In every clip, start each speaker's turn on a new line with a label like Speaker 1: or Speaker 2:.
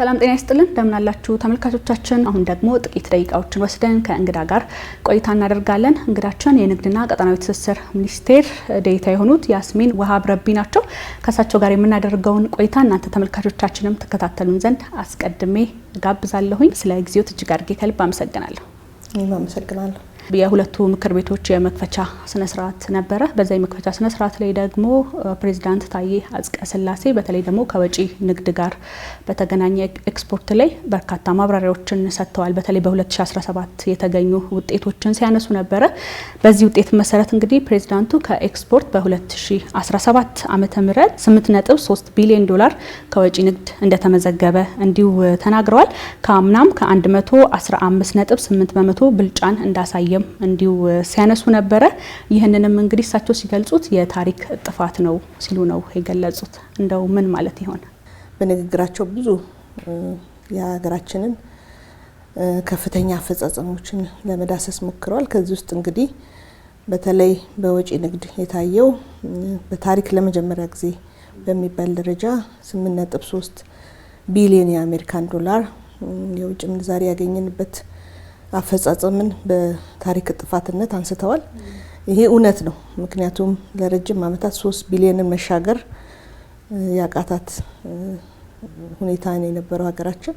Speaker 1: ሰላም ጤና ይስጥልን እንደምናላችሁ ተመልካቾቻችን። አሁን ደግሞ ጥቂት ደቂቃዎችን ወስደን ከእንግዳ ጋር ቆይታ እናደርጋለን። እንግዳችን የንግድና ቀጠናዊ ትስስር ሚኒስቴር ዴኤታ የሆኑት ያስሚን ወሃብ ረቢ ናቸው። ከእሳቸው ጋር የምናደርገውን ቆይታ እናንተ ተመልካቾቻችንም ተከታተሉን ዘንድ አስቀድሜ ጋብዛለሁኝ። ስለ ጊዜዎት እጅግ አድርጌ ከልብ አመሰግናለሁ።
Speaker 2: እኔም አመሰግናለሁ።
Speaker 1: የሁለቱ ምክር ቤቶች የመክፈቻ ስነስርዓት ነበረ። በዛ የመክፈቻ ስነስርዓት ላይ ደግሞ ፕሬዚዳንት ታዬ አጽቀ ስላሴ በተለይ ደግሞ ከወጪ ንግድ ጋር በተገናኘ ኤክስፖርት ላይ በርካታ ማብራሪያዎችን ሰጥተዋል። በተለይ በ2017 የተገኙ ውጤቶችን ሲያነሱ ነበረ። በዚህ ውጤት መሰረት እንግዲህ ፕሬዚዳንቱ ከኤክስፖርት በ2017 ዓ ም 8.3 ቢሊዮን ዶላር ከወጪ ንግድ እንደተመዘገበ እንዲሁ ተናግረዋል። ከአምናም ከ115.8 በመቶ ብልጫን እንዳሳየ ጉዳይም እንዲሁ ሲያነሱ ነበረ። ይህንንም እንግዲህ እሳቸው ሲገልጹት የታሪክ ጥፋት ነው ሲሉ ነው የገለጹት። እንደው ምን ማለት ይሆን?
Speaker 2: በንግግራቸው ብዙ የሀገራችንን ከፍተኛ አፈጻጸሞችን ለመዳሰስ ሞክረዋል። ከዚህ ውስጥ እንግዲህ በተለይ በወጪ ንግድ የታየው በታሪክ ለመጀመሪያ ጊዜ በሚባል ደረጃ 8.3 ቢሊዮን የአሜሪካን ዶላር የውጭ ምንዛሪ ያገኘንበት አፈጻጸምን በታሪክ ጥፋትነት አንስተዋል። ይሄ እውነት ነው። ምክንያቱም ለረጅም ዓመታት ሶስት ቢሊዮንን መሻገር ያቃታት ሁኔታ የነበረው ሀገራችን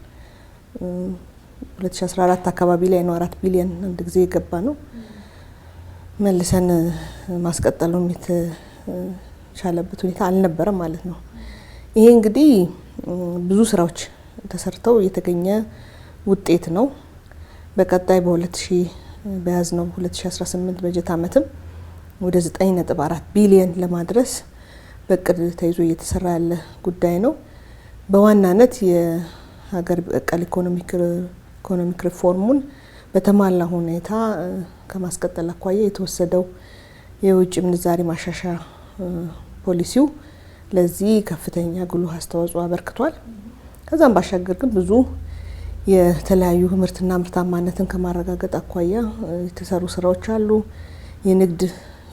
Speaker 2: 2014 አካባቢ ላይ ነው አራት ቢሊዮን አንድ ጊዜ የገባ ነው። መልሰን ማስቀጠሉም የተቻለበት ሁኔታ አልነበረም ማለት ነው። ይሄ እንግዲህ ብዙ ስራዎች ተሰርተው የተገኘ ውጤት ነው። በቀጣይ በ2000 በያዝነው 2018 በጀት ዓመትም ወደ 9.4 ቢሊየን ለማድረስ በቅድ ተይዞ እየተሰራ ያለ ጉዳይ ነው። በዋናነት የሀገር በቀል ኢኮኖሚክ ሪፎርሙን በተሟላ ሁኔታ ከማስቀጠል አኳያ የተወሰደው የውጭ ምንዛሪ ማሻሻያ ፖሊሲው ለዚህ ከፍተኛ ጉልህ አስተዋጽኦ አበርክቷል። ከዛም ባሻገር ግን ብዙ የተለያዩ ምርትና ምርታማነትን ከማረጋገጥ አኳያ የተሰሩ ስራዎች አሉ። የንግድ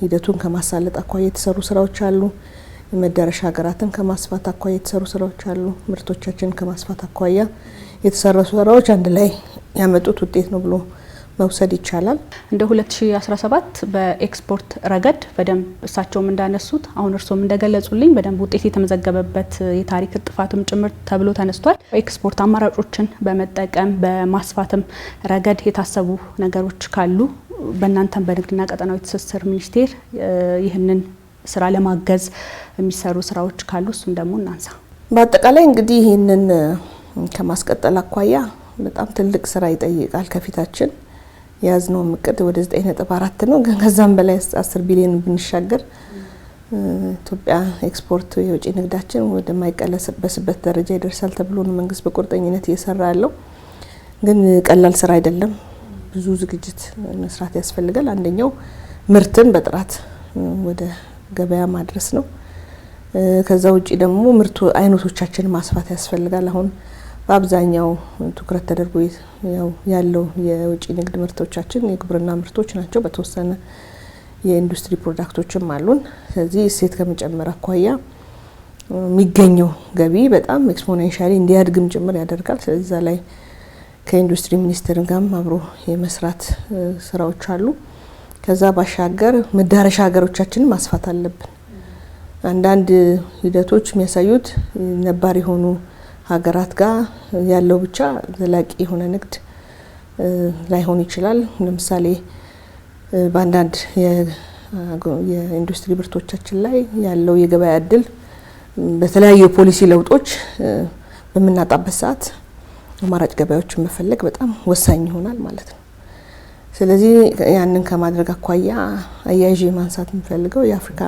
Speaker 2: ሂደቱን ከማሳለጥ አኳያ የተሰሩ ስራዎች አሉ። የመዳረሻ ሀገራትን ከማስፋት አኳያ የተሰሩ ስራዎች አሉ። ምርቶቻችን ከማስፋት አኳያ የተሰሩ ስራዎች አንድ ላይ ያመጡት ውጤት ነው ብሎ መውሰድ ይቻላል።
Speaker 1: እንደ 2017 በኤክስፖርት ረገድ በደንብ እሳቸውም እንዳነሱት አሁን እርስዎም እንደገለጹልኝ በደንብ ውጤት የተመዘገበበት የታሪክ እጥፋትም ጭምር ተብሎ ተነስቷል። ኤክስፖርት አማራጮችን በመጠቀም በማስፋትም ረገድ የታሰቡ ነገሮች ካሉ በእናንተም በንግድና ቀጠናዊ ትስስር ሚኒስቴር ይህንን ስራ ለማገዝ የሚሰሩ ስራዎች ካሉ እሱን ደግሞ እናንሳ።
Speaker 2: በአጠቃላይ እንግዲህ ይህንን ከማስቀጠል አኳያ በጣም ትልቅ ስራ ይጠይቃል ከፊታችን የያዝነውም እቅድ ወደ 9.4 ነው። ከዛም በላይ 10 ቢሊዮን ብንሻገር ኢትዮጵያ ኤክስፖርት የውጭ ንግዳችን ወደማይቀለበስበት ደረጃ ይደርሳል ተብሎ ነው መንግስት በቁርጠኝነት እየሰራ ያለው። ግን ቀላል ስራ አይደለም። ብዙ ዝግጅት መስራት ያስፈልጋል። አንደኛው ምርትን በጥራት ወደ ገበያ ማድረስ ነው። ከዛ ውጪ ደግሞ ምርቱ አይነቶቻችን ማስፋት ያስፈልጋል አሁን በአብዛኛው ትኩረት ተደርጎ ያለው የውጭ ንግድ ምርቶቻችን የግብርና ምርቶች ናቸው። በተወሰነ የኢንዱስትሪ ፕሮዳክቶችም አሉን። ስለዚህ እሴት ከመጨመር አኳያ የሚገኘው ገቢ በጣም ኤክስፖኔንሻሊ እንዲያድግም ጭምር ያደርጋል። ስለዚህ እዛ ላይ ከኢንዱስትሪ ሚኒስቴር ጋርም አብሮ የመስራት ስራዎች አሉ። ከዛ ባሻገር መዳረሻ ሀገሮቻችን ማስፋት አለብን። አንዳንድ ሂደቶች የሚያሳዩት ነባር የሆኑ ሀገራት ጋር ያለው ብቻ ዘላቂ የሆነ ንግድ ላይሆን ይችላል። ለምሳሌ በአንዳንድ የኢንዱስትሪ ምርቶቻችን ላይ ያለው የገበያ እድል በተለያዩ የፖሊሲ ለውጦች በምናጣበት ሰዓት አማራጭ ገበያዎችን መፈለግ በጣም ወሳኝ ይሆናል ማለት ነው። ስለዚህ ያንን ከማድረግ አኳያ አያይዤ ማንሳት የምፈልገው የአፍሪካ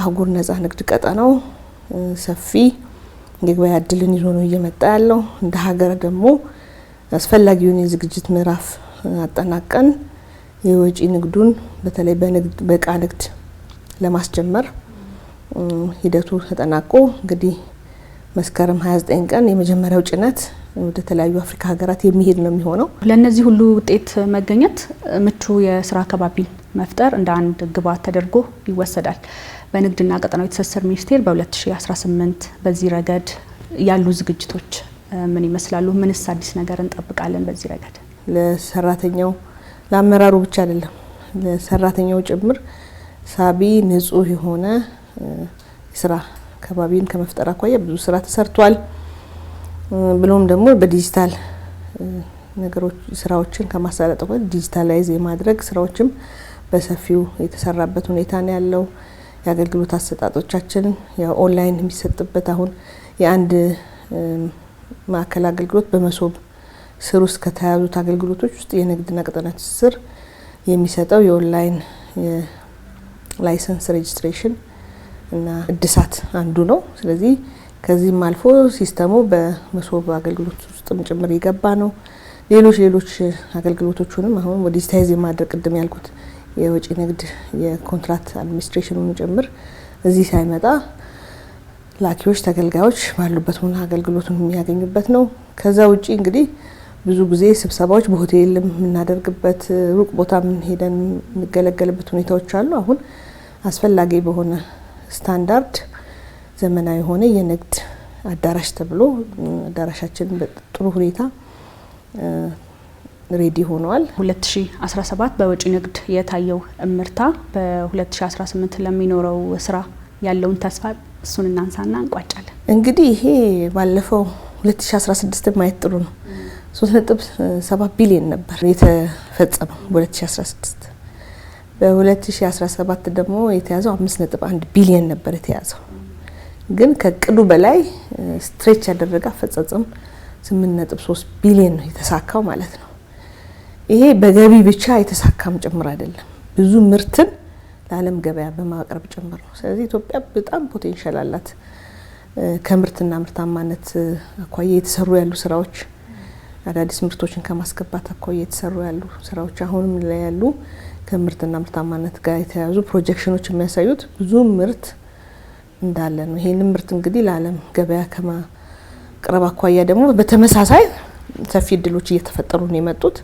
Speaker 2: አህጉር ነጻ ንግድ ቀጠናው ሰፊ የገበያ እድልን ይዞ ነው እየመጣ ያለው። እንደ ሀገር ደግሞ አስፈላጊውን የዝግጅት ምዕራፍ አጠናቀን የወጪ ንግዱን በተለይ በእቃ ንግድ ለማስጀመር ሂደቱ ተጠናቆ እንግዲህ መስከረም 29 ቀን የመጀመሪያው ጭነት ወደ ተለያዩ አፍሪካ ሀገራት የሚሄድ ነው የሚሆነው።
Speaker 1: ለእነዚህ ሁሉ ውጤት መገኘት ምቹ የስራ አካባቢ መፍጠር እንደ አንድ ግብዓት ተደርጎ ይወሰዳል። በንግድና ቀጠናዊ ትስስር ሚኒስቴር በ2018 በዚህ ረገድ ያሉ ዝግጅቶች ምን ይመስላሉ? ምንስ አዲስ ነገር እንጠብቃለን? በዚህ ረገድ
Speaker 2: ለሰራተኛው ለአመራሩ ብቻ አይደለም ለሰራተኛው ጭምር ሳቢ ንጹህ የሆነ ስራ ከባቢን ከመፍጠር አኳያ ብዙ ስራ ተሰርቷል። ብሎም ደግሞ በዲጂታል ነገሮች ስራዎችን ከማሳለጥ ዲጂታላይዝ የማድረግ ስራዎችም በሰፊው የተሰራበት ሁኔታ ነው ያለው። የአገልግሎት አሰጣጦቻችን ኦንላይን የሚሰጥበት አሁን የአንድ ማዕከል አገልግሎት በመሶብ ስር ውስጥ ከተያዙት አገልግሎቶች ውስጥ የንግድና ቀጠና ትስስር የሚሰጠው የኦንላይን ላይሰንስ ሬጅስትሬሽን እና እድሳት አንዱ ነው። ስለዚህ ከዚህም አልፎ ሲስተሙ በመሶብ አገልግሎት ውስጥም ጭምር የገባ ነው። ሌሎች ሌሎች አገልግሎቶቹንም አሁን ወደ ዲጂታይዝ የማድረግ ቅድም ያልኩት የወጪ ንግድ የኮንትራት አድሚኒስትሬሽኑን ጭምር እዚህ ሳይመጣ ላኪዎች፣ ተገልጋዮች ባሉበት ሆነ አገልግሎቱን የሚያገኙበት ነው። ከዛ ውጪ እንግዲህ ብዙ ጊዜ ስብሰባዎች በሆቴል የምናደርግበት ሩቅ ቦታ ምንሄደን የምንገለገልበት ሁኔታዎች አሉ። አሁን አስፈላጊ በሆነ ስታንዳርድ ዘመናዊ የሆነ የንግድ አዳራሽ ተብሎ አዳራሻችን በጥሩ ሁኔታ ሬዲ ሆኗል።
Speaker 1: 2017 በወጪ ንግድ የታየው እምርታ በ2018 ለሚኖረው ስራ ያለውን ተስፋ እሱን እናንሳና እንቋጫለን።
Speaker 2: እንግዲህ ይሄ ባለፈው 2016 ማየት ጥሩ ነው። 3.7 ቢሊዮን ነበር የተፈጸመው በ2016 በ2017 ደግሞ የተያዘው 5.1 ቢሊዮን ነበር የተያዘው ግን ከቅዱ በላይ ስትሬች ያደረገ አፈጻጸም 8.3 ቢሊዮን ነው የተሳካው ማለት ነው። ይሄ በገቢ ብቻ የተሳካም ጭምር አይደለም፣ ብዙ ምርትን ለዓለም ገበያ በማቅረብ ጭምር ነው። ስለዚህ ኢትዮጵያ በጣም ፖቴንሻል አላት። ከምርትና ምርታማነት አኳያ የተሰሩ ያሉ ስራዎች፣ አዳዲስ ምርቶችን ከማስገባት አኳያ የተሰሩ ያሉ ስራዎች፣ አሁንም ላይ ያሉ ከምርትና ምርታማነት ጋር የተያያዙ ፕሮጀክሽኖች የሚያሳዩት ብዙ ምርት እንዳለ ነው። ይህንን ምርት እንግዲህ ለዓለም ገበያ ከማቅረብ አኳያ ደግሞ በተመሳሳይ ሰፊ እድሎች እየተፈጠሩ ነው የመጡት።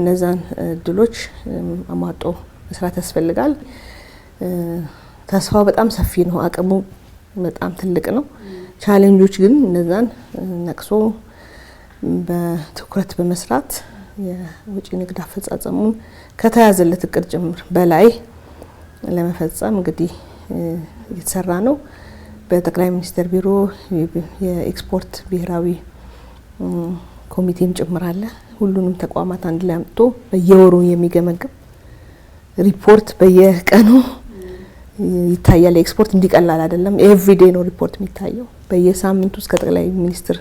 Speaker 2: እነዛን እድሎች አሟጦ መስራት ያስፈልጋል። ተስፋው በጣም ሰፊ ነው። አቅሙ በጣም ትልቅ ነው። ቻሌንጆች ግን እነዛን ነቅሶ በትኩረት በመስራት የውጭ ንግድ አፈጻጸሙን ከተያዘለት እቅድ ጭምር በላይ ለመፈጸም እንግዲህ እየተሰራ ነው። በጠቅላይ ሚኒስትር ቢሮ የኤክስፖርት ብሔራዊ ኮሚቴም ጭምር አለ። ሁሉንም ተቋማት አንድ ላይ አምጥቶ በየወሩ የሚገመግም ሪፖርት በየቀኑ ይታያል። ኤክስፖርት እንዲቀላል አይደለም፣ ኤቭሪዴ ነው ሪፖርት የሚታየው። በየሳምንቱ እስከ ጠቅላይ ሚኒስትር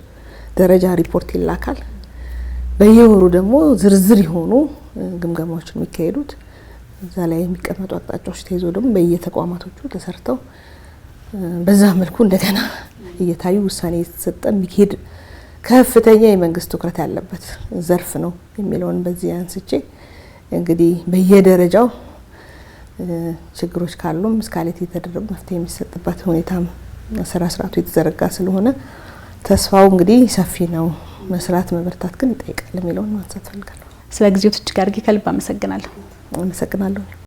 Speaker 2: ደረጃ ሪፖርት ይላካል። በየወሩ ደግሞ ዝርዝር የሆኑ ግምገማዎች የሚካሄዱት እዛ ላይ የሚቀመጡ አቅጣጫዎች ተይዞ ደግሞ በየተቋማቶቹ ተሰርተው በዛ መልኩ እንደገና እየታዩ ውሳኔ የተሰጠ የሚሄድ ከፍተኛ የመንግስት ትኩረት ያለበት ዘርፍ ነው የሚለውን በዚህ አንስቼ እንግዲህ በየደረጃው ችግሮች ካሉም እስካሌት የተደረጉ መፍትሄ የሚሰጥበት ሁኔታም ስራ ስርዓቱ የተዘረጋ ስለሆነ ተስፋው እንግዲህ ሰፊ ነው። መስራት መበርታት ግን ይጠይቃል የሚለውን ማንሳት ፈልጋለሁ።
Speaker 1: ስለ ጊዜው እጅግ አድርጌ ከልብ አመሰግናለሁ።
Speaker 2: Vamos a hacer